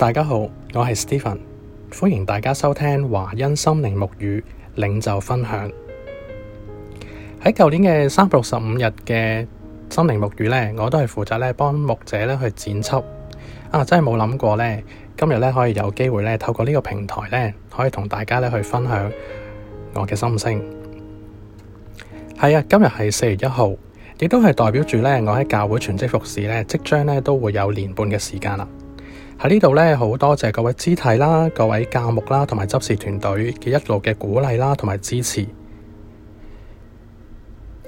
大家好，我係 Stephen，歡迎大家收聽華欣心靈沐雨領袖分享。喺舊年嘅三百六十五日嘅心靈沐雨呢，我都係負責咧幫牧者去剪輯啊，真係冇諗過呢，今日咧可以有機會咧透過呢個平台呢，可以同大家去分享我嘅心聲。係啊，今日係四月一號，亦都係代表住呢，我喺教會全職服侍呢，即將呢都會有年半嘅時間啦。喺呢度咧，好多謝各位肢體啦、各位教牧啦，同埋執事團隊嘅一路嘅鼓勵啦，同埋支持。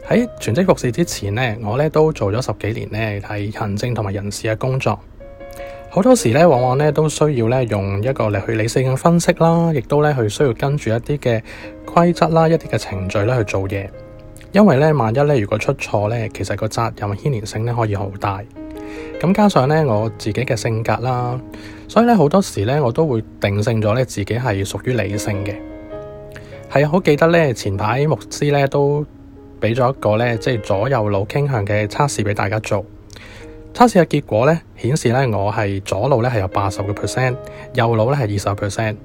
喺全職服侍之前呢，我咧都做咗十幾年咧喺行政同埋人事嘅工作。好多時咧，往往咧都需要咧用一個嚟去理性嘅分析啦，亦都咧去需要跟住一啲嘅規則啦、一啲嘅程序咧去做嘢。因為咧，萬一咧如果出錯咧，其實個責任牽連性咧可以好大。咁加上咧我自己嘅性格啦，所以咧好多時咧我都會定性咗咧自己係屬於理性嘅。係好記得咧前排牧師咧都俾咗一個咧即係左右腦傾向嘅測試俾大家做。測試嘅結果咧顯示咧我係左腦咧係有八十個 percent，右腦咧係二十 percent。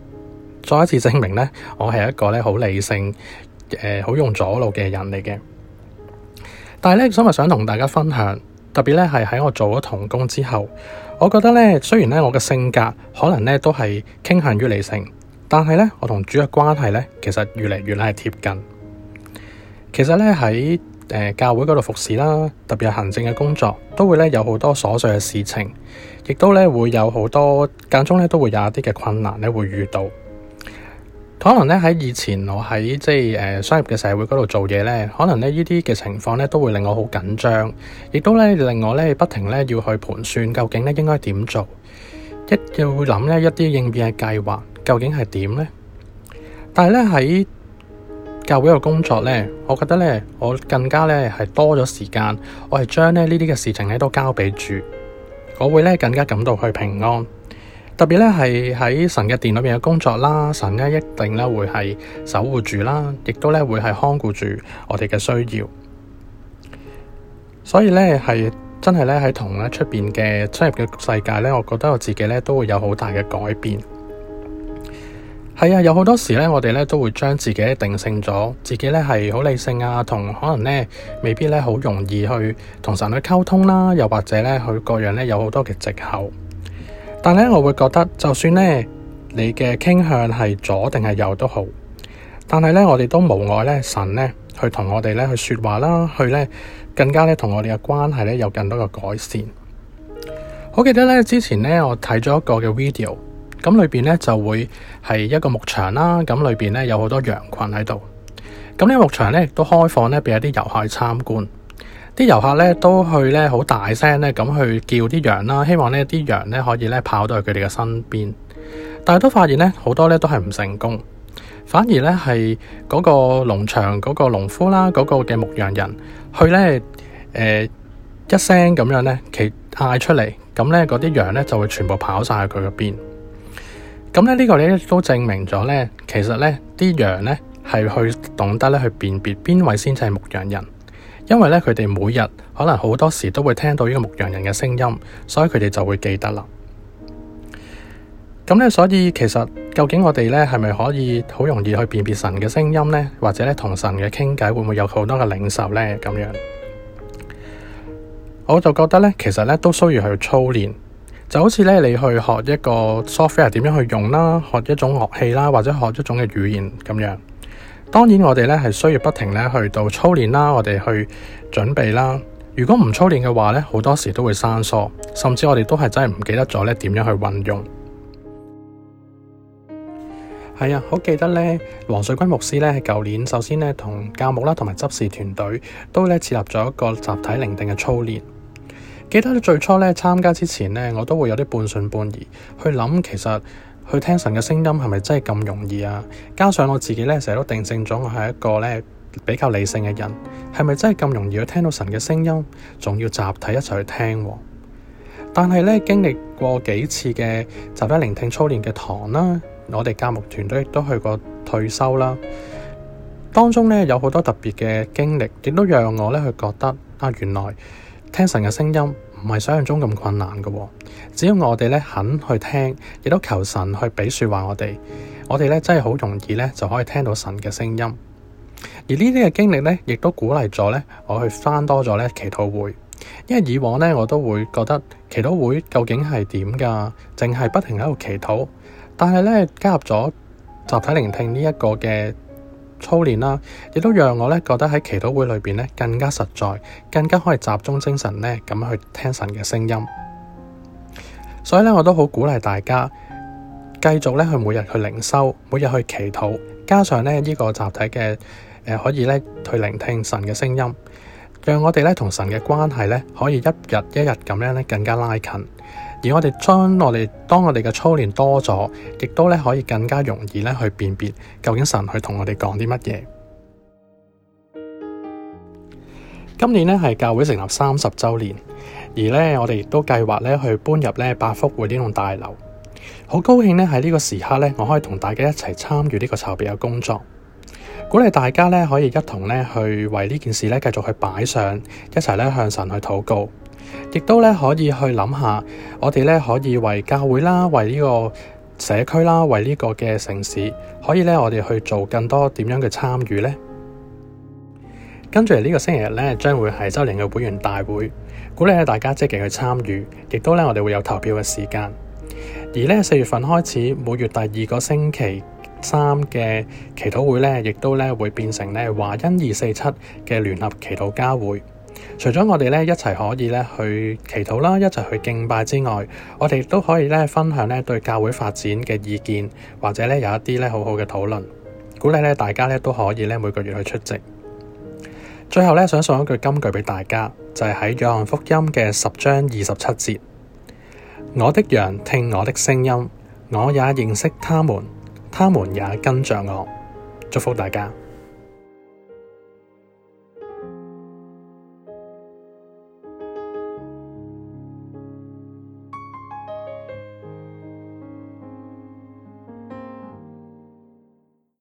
再一次證明咧我係一個咧好理性，誒好用左腦嘅人嚟嘅。但係咧今日想同大家分享。特別咧係喺我做咗同工之後，我覺得咧雖然咧我嘅性格可能咧都係傾向於理性，但係咧我同主嘅關係咧其實越嚟越係貼近。其實咧喺誒教會嗰度服侍啦，特別係行政嘅工作，都會咧有好多瑣碎嘅事情，亦都咧會有好多間中咧都會有一啲嘅困難咧會遇到。可能呢，喺以前我喺即係誒、呃，商業嘅社會嗰度做嘢咧，可能呢，呢啲嘅情況咧都會令我好緊張，亦都咧令我咧不停咧要去盤算究竟咧應該點做，要一要諗呢一啲應變嘅計劃究竟係點咧？但係咧喺教會嘅工作咧，我覺得咧我更加咧係多咗時間，我係將咧呢啲嘅事情咧都交俾主，我會咧更加感到去平安。特別咧係喺神嘅殿裏邊嘅工作啦，神咧一定咧會係守護住啦，亦都咧會係看顧住我哋嘅需要。所以咧係真係咧喺同咧出邊嘅出入嘅世界咧，我覺得我自己咧都會有好大嘅改變。係啊，有好多時咧，我哋咧都會將自己定性咗，自己咧係好理性啊，同可能咧未必咧好容易去同神去溝通啦，又或者咧佢各樣咧有好多嘅借口。但咧，我會覺得，就算咧你嘅傾向係左定係右都好，但係咧，我哋都無礙咧，神咧去同我哋咧去說話啦，去咧更加咧同我哋嘅關係咧有更多嘅改善。好記得咧，之前咧我睇咗一個嘅 video，咁裏邊咧就會係一個牧場啦，咁裏邊咧有好多羊群喺度，咁呢個牧場咧亦都開放咧俾一啲遊客去參觀。啲遊客咧都去咧好大聲咧咁去叫啲羊啦，希望呢啲羊咧可以咧跑到去佢哋嘅身邊，但係都發現咧好多咧都係唔成功，反而咧係嗰個農場嗰個農夫啦，嗰個嘅牧羊人去咧誒一聲咁樣咧其嗌出嚟，咁咧嗰啲羊咧就會全部跑晒去佢嗰邊。咁咧呢個咧都證明咗咧，其實咧啲羊咧係去懂得咧去辨別邊位先至係牧羊人。因為咧佢哋每日可能好多時都會聽到呢個牧羊人嘅聲音，所以佢哋就會記得啦。咁咧，所以其實究竟我哋咧係咪可以好容易去辨別神嘅聲音咧，或者咧同神嘅傾偈會唔會有好多嘅領受咧？咁樣，我就覺得咧，其實咧都需要去操練，就好似咧你去學一個 software 點樣去用啦，學一種樂器啦，或者學一種嘅語言咁樣。當然，我哋咧係需要不停咧去到操練啦，我哋去準備啦。如果唔操練嘅話咧，好多時都會生疏，甚至我哋都係真係唔記得咗咧點樣去運用。係啊，好記得咧，黃水軍牧師咧係舊年首先咧同教牧啦，同埋執事團隊都咧設立咗一個集體聆定嘅操練。記得最初咧參加之前咧，我都會有啲半信半疑去諗，其實。去聽神嘅聲音係咪真係咁容易啊？加上我自己咧，成日都定性咗我係一個咧比較理性嘅人，係咪真係咁容易去聽到神嘅聲音？仲要集體一齊去聽啊？但係咧，經歷過幾次嘅集體聆聽操練嘅堂啦，我哋教牧團隊亦都去過退修啦，當中咧有好多特別嘅經歷，亦都讓我咧去覺得啊，原來聽神嘅聲音。唔係想象中咁困難噶喎。只要我哋咧肯去聽，亦都求神去俾說話我哋，我哋咧真係好容易咧就可以聽到神嘅聲音。而呢啲嘅經歷咧，亦都鼓勵咗咧我去返多咗咧祈禱會，因為以往咧我都會覺得祈禱會究竟係點噶，淨係不停喺度祈禱。但係咧加入咗集體聆聽呢一個嘅。操練啦，亦都讓我咧覺得喺祈禱會裏邊咧更加實在，更加可以集中精神咧咁去聽神嘅聲音。所以咧，我都好鼓勵大家繼續咧去每日去靈修，每日去祈禱，加上咧呢個集體嘅誒、呃，可以咧去聆聽神嘅聲音，讓我哋咧同神嘅關係咧可以一日一日咁樣咧更加拉近。而我哋將我哋當我哋嘅操練多咗，亦都咧可以更加容易咧去辨別究竟神去同我哋講啲乜嘢。 今年咧係教會成立三十周年，而咧我哋亦都計劃咧去搬入咧百福會呢棟大樓。好高興咧喺呢個時刻咧，我可以同大家一齊參與呢個籌備嘅工作，鼓勵大家咧可以一同咧去為呢件事咧繼續去擺上，一齊咧向神去禱告。亦都咧可以去諗下，我哋咧可以為教會啦，為呢個社區啦，為呢個嘅城市，可以咧我哋去做更多點樣嘅參與咧。跟住嚟呢個星期日咧，將會係周年嘅會員大會，鼓勵大家積極去參與，亦都咧我哋會有投票嘅時間。而咧四月份開始，每月第二個星期三嘅祈禱會咧，亦都咧會變成咧華欣二四七嘅聯合祈禱家會。除咗我哋咧一齊可以咧去祈禱啦，一齊去敬拜之外，我哋亦都可以咧分享咧對教會發展嘅意見，或者咧有一啲咧好好嘅討論，鼓勵咧大家咧都可以咧每個月去出席。最後咧想送一句金句俾大家，就係喺約翰福音嘅十章二十七節：我的羊聽我的聲音，我也認識他們，他們也跟着我。祝福大家。